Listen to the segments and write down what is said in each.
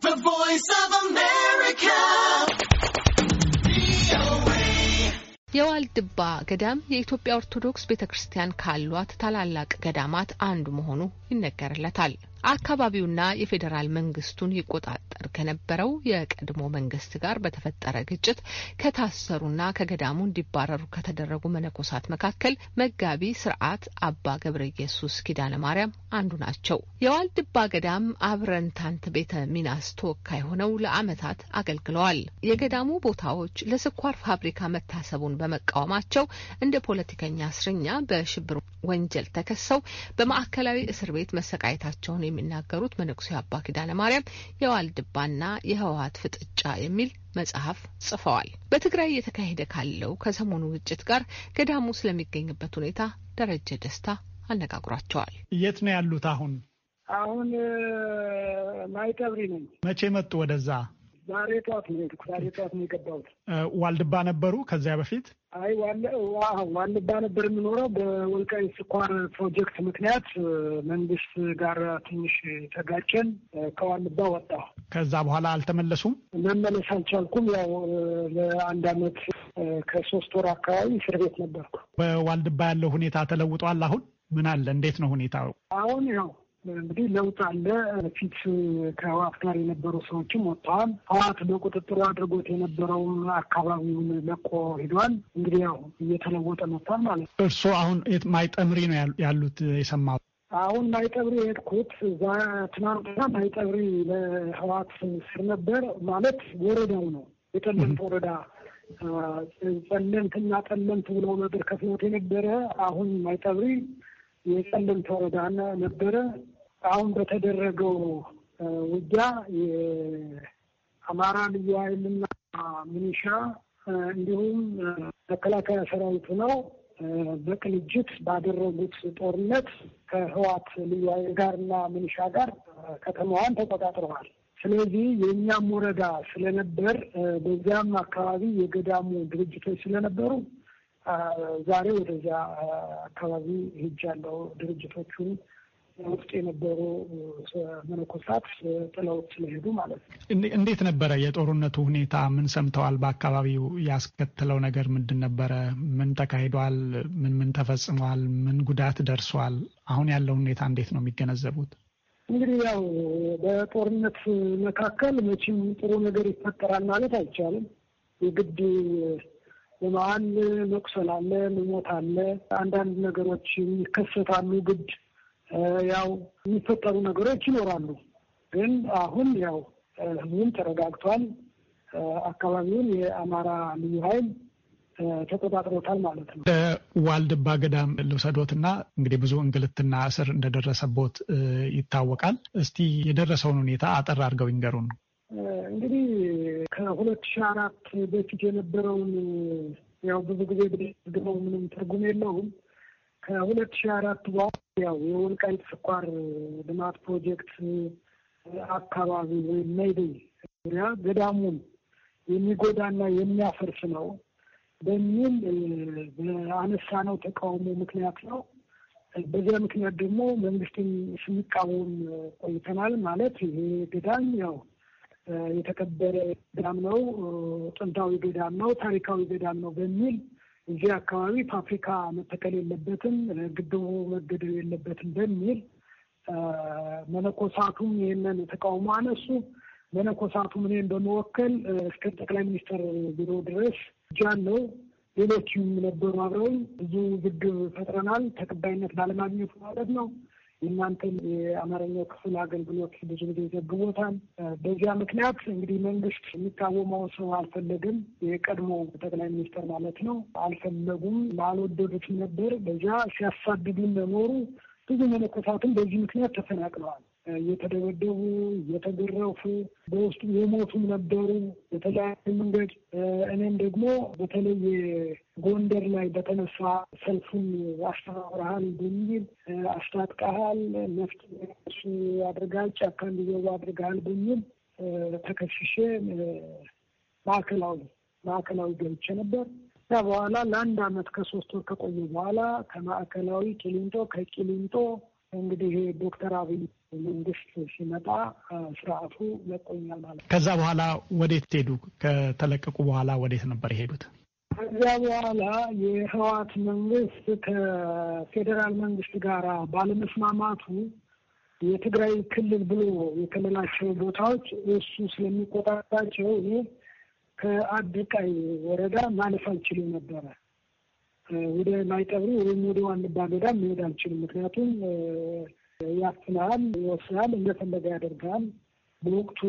The Voice of America. የዋልድባ ገዳም የኢትዮጵያ ኦርቶዶክስ ቤተ ክርስቲያን ካሏት ታላላቅ ገዳማት አንዱ መሆኑ ይነገርለታል። አካባቢውና የፌዴራል መንግስቱን ይቆጣጠር ከነበረው የቀድሞ መንግስት ጋር በተፈጠረ ግጭት ከታሰሩና ከገዳሙ እንዲባረሩ ከተደረጉ መነኮሳት መካከል መጋቢ ስርዓት አባ ገብረ ኢየሱስ ኪዳነ ማርያም አንዱ ናቸው። የዋልድባ ገዳም አብረንታንት ቤተ ሚናስ ተወካይ ሆነው ለአመታት አገልግለዋል። የገዳሙ ቦታዎች ለስኳር ፋብሪካ መታሰቡን በመቃወማቸው እንደ ፖለቲከኛ እስረኛ በሽብር ወንጀል ተከሰው በማዕከላዊ እስር ቤት መሰቃየታቸውን የሚናገሩት መነኩሴ አባ ኪዳነ ማርያም የዋልድባና የህወሀት ፍጥጫ የሚል መጽሐፍ ጽፈዋል። በትግራይ እየተካሄደ ካለው ከሰሞኑ ግጭት ጋር ገዳሙ ስለሚገኝበት ሁኔታ ደረጀ ደስታ አነጋግሯቸዋል። የት ነው ያሉት አሁን? አሁን ማይቀብሪ ነኝ። መቼ መጡ ወደዛ? ዛሬ ጠዋት ነው የሄድኩት። ዛሬ ጠዋት ነው የገባሁት። ዋልድባ ነበሩ ከዚያ በፊት? አይ ዋልድባ ነበር የምኖረው። በወልቃይት ስኳር ፕሮጀክት ምክንያት መንግስት ጋር ትንሽ ተጋጨን። ከዋልድባ ወጣሁ። ከዛ በኋላ አልተመለሱም? መመለስ አልቻልኩም። ያው ለአንድ አመት ከሶስት ወር አካባቢ እስር ቤት ነበርኩ። በዋልድባ ያለው ሁኔታ ተለውጧል። አሁን ምን አለ? እንዴት ነው ሁኔታው አሁን? ያው እንግዲህ ለውጥ አለ። ፊት ከህወሓት ጋር የነበሩ ሰዎችም ወጥተዋል። ህወሓት በቁጥጥሩ አድርጎት የነበረውን አካባቢውን ለቆ ሂዷል። እንግዲህ ያው እየተለወጠ መጥቷል ማለት ነው። እርስዎ አሁን ማይጠምሪ ነው ያሉት የሰማሁት? አሁን ማይጠብሪ የሄድኩት ትናንትና ማይጠብሪ ለህወሓት ስር ነበር ማለት ወረዳው ነው የጠለምት ወረዳ ጠለምትና ጠለምት ብለው ነበር ከፍሎት የነበረ አሁን ማይጠብሪ የጠለምት ወረዳ ነበረ አሁን በተደረገው ውጊያ የአማራ ልዩ ኃይልና ሚኒሻ እንዲሁም መከላከያ ሰራዊቱ ነው በቅንጅት ባደረጉት ጦርነት ከህዋት ልዩ ኃይል ጋርና ሚኒሻ ጋር ከተማዋን ተቆጣጥረዋል። ስለዚህ የእኛም ወረዳ ስለነበር በዚያም አካባቢ የገዳሙ ድርጅቶች ስለነበሩ ዛሬ ወደዚያ አካባቢ ሄጃለሁ ድርጅቶቹን ውስጥ የነበሩ መነኮሳት ጥለውት ስለሄዱ ማለት ነው። እንዴት ነበረ የጦርነቱ ሁኔታ? ምን ሰምተዋል? በአካባቢው ያስከትለው ነገር ምንድን ነበረ? ምን ተካሂዷል? ምን ምን ተፈጽሟል? ምን ጉዳት ደርሷል? አሁን ያለው ሁኔታ እንዴት ነው የሚገነዘቡት? እንግዲህ ያው በጦርነት መካከል መቼም ጥሩ ነገር ይፈጠራል ማለት አይቻልም። የግድ በመሀል መቁሰል አለ፣ መሞት አለ፣ አንዳንድ ነገሮች ይከሰታሉ ግድ ያው የሚፈጠሩ ነገሮች ይኖራሉ። ግን አሁን ያው ህዝቡም ተረጋግቷል። አካባቢውን የአማራ ልዩ ኃይል ተቆጣጥሮታል ማለት ነው። ዋልድባ ገዳም ልውሰዶት እና እንግዲህ ብዙ እንግልትና እስር እንደደረሰቦት ይታወቃል። እስቲ የደረሰውን ሁኔታ አጠር አድርገው ይንገሩን። እንግዲህ ከሁለት ሺህ አራት በፊት የነበረውን ያው ብዙ ጊዜ ብንገባው ምንም ትርጉም የለውም። ከሁለት ሺህ አራት በኋላ ያው የወልቃይት ስኳር ልማት ፕሮጀክት አካባቢ ወይም ሜይደይ ዙሪያ ገዳሙን የሚጎዳና የሚያፈርስ ነው በሚል ነው ተቃውሞ ምክንያት ነው። በዚያ ምክንያት ደግሞ መንግስትን ስንቃወም ቆይተናል። ማለት ይሄ ገዳም ያው የተከበረ ገዳም ነው፣ ጥንታዊ ገዳም ነው፣ ታሪካዊ ገዳም ነው በሚል እዚህ አካባቢ ፋብሪካ መተከል የለበትም፣ ግድቡ መገደብ የለበትም በሚል መነኮሳቱም ይህንን ተቃውሞ አነሱ። መነኮሳቱም እኔን በመወከል እስከ ጠቅላይ ሚኒስትር ቢሮ ድረስ እጃለው ሌሎችም ነበሩ አብረውኝ ብዙ ግድብ ፈጥረናል፣ ተቀባይነት ባለማግኘቱ ማለት ነው። እናንተም የአማርኛው ክፍል አገልግሎት ብዙ ጊዜ ዘግቦታል። በዚያ ምክንያት እንግዲህ መንግስት የሚቃወመው ሰው አልፈለግም። የቀድሞ ጠቅላይ ሚኒስትር ማለት ነው። አልፈለጉም፣ አልወደዱትም ነበር። በዚያ ሲያሳድዱን መኖሩ ብዙ መነኮሳትም በዚህ ምክንያት ተፈናቅለዋል። እየተደበደቡ እየተገረፉ በውስጡ የሞቱም ነበሩ በተለያየ መንገድ። እኔም ደግሞ በተለይ ጎንደር ላይ በተነሳ ሰልፉን አስተባብረሃል በሚል አስታጥቀሃል፣ ነፍጥ አድርገሃል፣ ጫካ እንዲገቡ አድርገሃል በሚል ተከሽሼ ማዕከላዊ ማዕከላዊ ገብቼ ነበር። ያ በኋላ ለአንድ አመት ከሶስት ወር ከቆየ በኋላ ከማዕከላዊ ቂሊንጦ ከቂሊንጦ እንግዲህ ዶክተር አብይ መንግስት ሲመጣ ስርዓቱ ለቆኛል ማለት ነው። ከዛ በኋላ ወዴት ሄዱ? ከተለቀቁ በኋላ ወዴት ነበር የሄዱት? ከዚያ በኋላ የህወሓት መንግስት ከፌዴራል መንግስት ጋር ባለመስማማቱ የትግራይ ክልል ብሎ የክልላቸው ቦታዎች እሱ ስለሚቆጣጣቸው እኔ ወረዳ ማለፍ አልችልም ነበረ። ወደ ማይቀብሪ ወይም ወደ ዋንባ ገዳ መሄድ አልችልም። ምክንያቱም ያፍናል፣ ይወስናል፣ እንደፈለገ ያደርጋል። በወቅቱ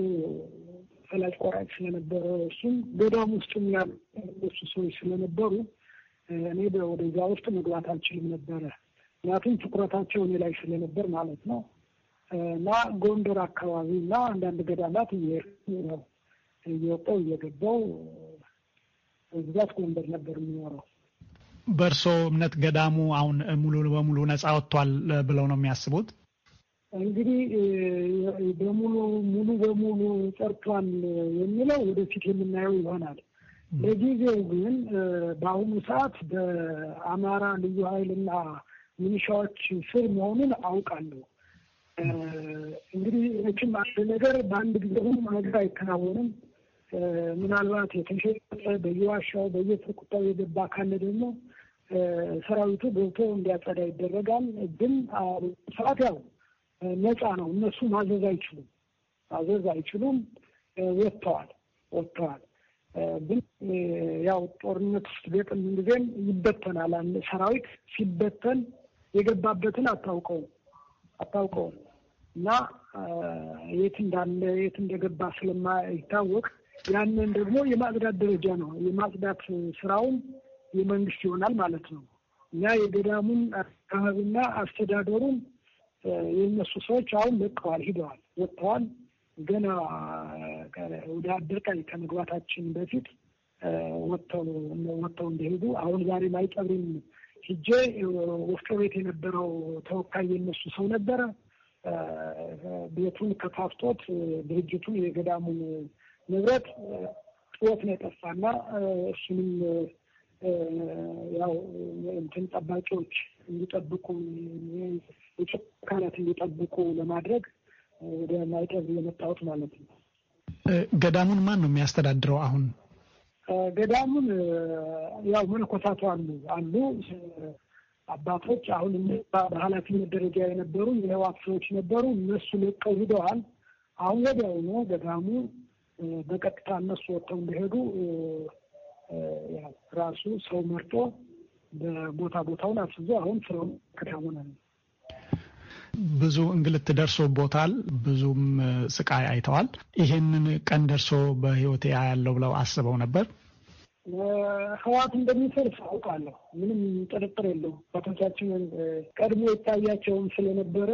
ፈላጭ ቆራጭ ስለነበረ እሱም ገዳም ውስጥም ያሉ ሰዎች ስለነበሩ እኔ ወደዛ ውስጥ መግባት አልችልም ነበረ። ምክንያቱም ትኩረታቸው እኔ ላይ ስለነበር ማለት ነው። እና ጎንደር አካባቢ እና አንዳንድ ገዳማት እየወጣው እየገባው እዛት ጎንደር ነበር የሚኖረው። በእርሶ እምነት ገዳሙ አሁን ሙሉ በሙሉ ነፃ ወጥቷል ብለው ነው የሚያስቡት? እንግዲህ በሙሉ ሙሉ በሙሉ ጸርቷል የሚለው ወደፊት የምናየው ይሆናል። ለጊዜው ግን በአሁኑ ሰዓት በአማራ ልዩ ኃይልና ሚኒሻዎች ስር መሆኑን አውቃለሁ። እንግዲህ መቼም አንድ ነገር በአንድ ጊዜ ሁሉም ነገር አይከናወንም። ምናልባት የተሸጠ በየዋሻው በየስርቁታው የገባ ካለ ደግሞ ሰራዊቱ ገብቶ እንዲያጸዳ ይደረጋል። ግን ሰዓት ያው ነፃ ነው። እነሱ ማዘዝ አይችሉም፣ ማዘዝ አይችሉም። ወጥተዋል ወጥተዋል። ግን ያው ጦርነት ውስጥ ቤጥም ጊዜም ይበተናል። ሰራዊት ሲበተን የገባበትን አታውቀውም አታውቀውም እና የት እንዳለ የት እንደገባ ስለማይታወቅ ያንን ደግሞ የማጽዳት ደረጃ ነው የማጽዳት ስራውም የመንግስት ይሆናል ማለት ነው እና የገዳሙን አካባቢና አስተዳደሩን የነሱ ሰዎች አሁን ለቀዋል፣ ሂደዋል፣ ወጥተዋል። ገና ወደ አደርቃይ ከመግባታችን በፊት ወጥተው እንደሄዱ አሁን ዛሬ ማይጠብሪም ሂጄ ወፍጮ ቤት የነበረው ተወካይ የነሱ ሰው ነበረ። ቤቱን ከፋፍቶት ድርጅቱ የገዳሙን ንብረት ጥወት ነው የጠፋና እሱንም ያው እንትን ጠባቂዎች እንዲጠብቁ አካላት እንዲጠብቁ ለማድረግ ወደ ማይጠብ የመጣሁት ማለት ነው። ገዳሙን ማን ነው የሚያስተዳድረው? አሁን ገዳሙን ያው መነኮሳቱ አሉ አሉ አባቶች አሁን በኃላፊነት ደረጃ የነበሩ የህዋት ሰዎች ነበሩ። እነሱ ለቀው ሂደዋል። አሁን ወዲያውኑ ገዳሙ በቀጥታ እነሱ ወጥተው እንደሄዱ ራሱ ሰው መርጦ በቦታ ቦታውን አስዞ አሁን ስራውን ከዳወነ ነው። ብዙ እንግልት ደርሶቦታል። ብዙም ስቃይ አይተዋል። ይሄንን ቀን ደርሶ በህይወቴ ያለው ብለው አስበው ነበር? ህዋት እንደሚፈርስ አውቃለሁ። ምንም ጥርጥር የለው አባቶቻችንን ቀድሞ ይታያቸውም ስለነበረ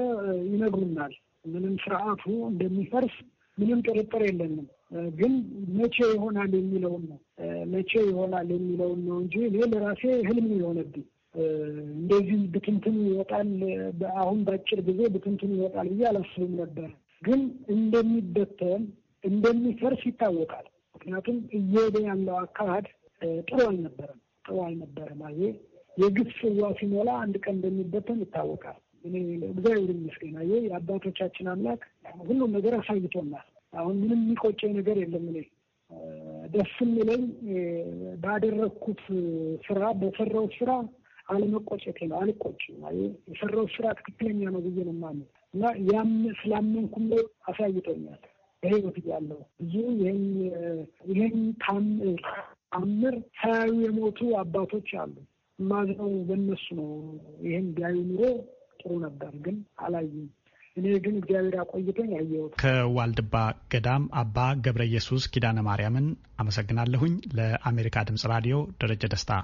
ይነግሩናል። ምንም ስርዓቱ እንደሚፈርስ ምንም ጥርጥር የለንም። ግን መቼ ይሆናል የሚለውን ነው መቼ ይሆናል የሚለውን ነው እንጂ እኔ ለራሴ ህልም የሆነብኝ እንደዚህ ብትንትኑ ይወጣል፣ አሁን በአጭር ጊዜ ብትንትኑ ይወጣል ብዬ አላስብም ነበር። ግን እንደሚበተን እንደሚፈርስ ይታወቃል። ምክንያቱም እየሄደ ያለው አካሄድ ጥሩ አልነበረም፣ ጥሩ አልነበረም። አየህ የግፍ ጽዋ ሲሞላ አንድ ቀን እንደሚበተን ይታወቃል። እግዚአብሔር ይመስገን አየህ የአባቶቻችን አምላክ ሁሉም ነገር አሳይቶናል። አሁን ምንም የሚቆጨኝ ነገር የለም። እኔ ደስ የሚለኝ ባደረግኩት ስራ በሰራው ስራ አለመቆጨቴ ነው። አልቆጭም። የሰራው ስራ ትክክለኛ ነው ብዬ ነው የማምን እና ያም ስላመንኩም ላይ አሳይቶኛል። በህይወት ያለው ብዙ ይህን ታምር ሳያዩ የሞቱ አባቶች አሉ። ማዝነው በእነሱ ነው። ይህን ቢያዩ ኑሮ ጥሩ ነበር፣ ግን አላዩም። እኔ ግን እግዚአብሔር አቆይቶኝ ያየሁት። ከዋልድባ ገዳም አባ ገብረ ኢየሱስ ኪዳነ ማርያምን አመሰግናለሁኝ። ለአሜሪካ ድምጽ ራዲዮ ደረጀ ደስታ